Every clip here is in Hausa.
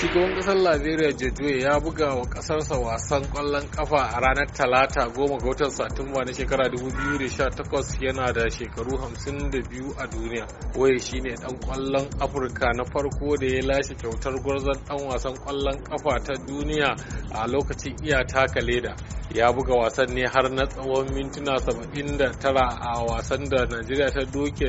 shugaban kasar najeriya jadwe ya buga wa kasarsa wasan kwallon kafa a ranar talata goma ga watan satumba na shekara 2018 yana da shekaru 52 a duniya waye shine ɗan kwallon afirka na farko da ya lashe kyautar gwarzon ɗan wasan kwallon kafa ta duniya a lokacin iya taka leda ya buga wasan ne har na tsawon mintuna 79 a wasan da najeriya ta doke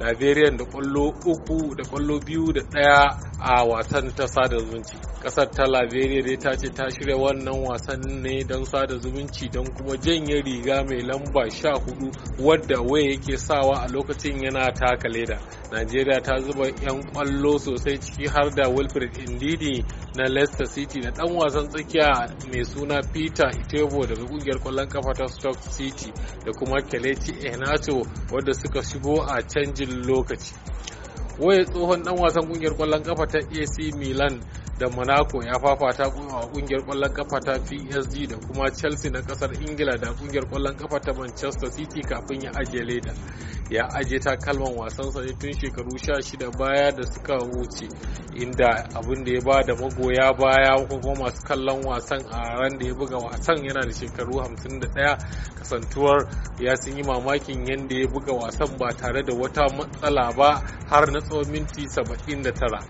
liberian da kwallo uku da kwallo biyu da daya a wasan ta sada zumunci kasar ta liberia dai ta ce ta shirya wannan wasan ne don sada zumunci don kuma janye riga mai lamba 14 wadda waya yake sawa a lokacin yana taka leda najeriya ta zuba 'yan kwallo sosai ciki har da wilfred indidi na leicester city da dan wasan tsakiya mai suna peter itebo daga kungiyar kwallon kafa ta Stock City da kuma Kelechi Enato wadda suka shigo a canjin lokaci. Waye tsohon dan wasan kungiyar kwallon kafa ta AC Milan da Monaco ya fafata a kungiyar kwallon kafa ta PSG da kuma Chelsea na kasar Ingila da kungiyar kwallon kafa ta Manchester City kafin ya ajiye leda. ya aje takalman wasansa ne tun shekaru sha shida baya da suka wuce inda abin da ya ba da magoya baya ko masu kallon wasan a ran da ya buga wasan yana da shekaru 51 kasantuwar ya sun yi mamakin yadda ya buga wasan ba tare da wata matsala ba har na tsawon minti tara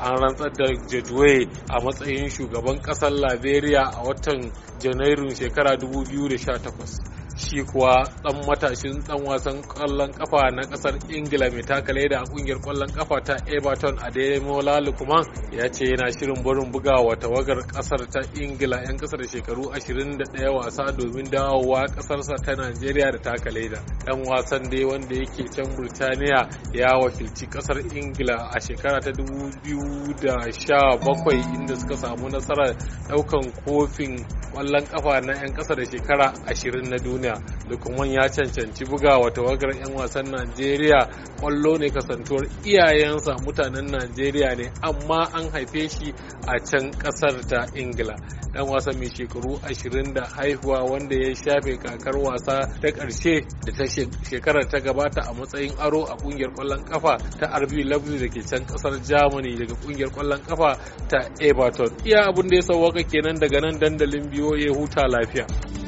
an rantsar da jadwe a matsayin shugaban kasar liberia a watan janairun shekara 2018 shi kuwa dan matashin dan wasan kwallon kafa na kasar ingila mai takale da kungiyar kwallon kafa ta everton mola lukman ya ce yana shirin barin buga wa tawagar kasar ta ingila yan kasar shekaru 21 wasa domin dawowa kasarsa ta nigeria da takale da dan wasan dai wanda yake can burtaniya ya wakilci kasar ingila a shekara ta 2017 inda suka samu nasarar daukan kofin ƙwallon kafa na 'yan ƙasa da shekara 20 na duniya lukman ya cancanci buga wa tawagar 'yan wasan najeriya kwallo ne kasantuwar iyayensa mutanen najeriya ne amma an haife shi a can kasar ta ingila dan wasa mai shekaru 20 da haihuwa wanda ya shafe kakar wasa ta karshe da ta shekarar ta gabata a matsayin aro a kungiyar kwallon kafa ta rb leipzig da ke can kasar germany daga kungiyar kwallon kafa ta everton iya abin da ya sauwaka kenan daga nan dandalin biyo ya huta lafiya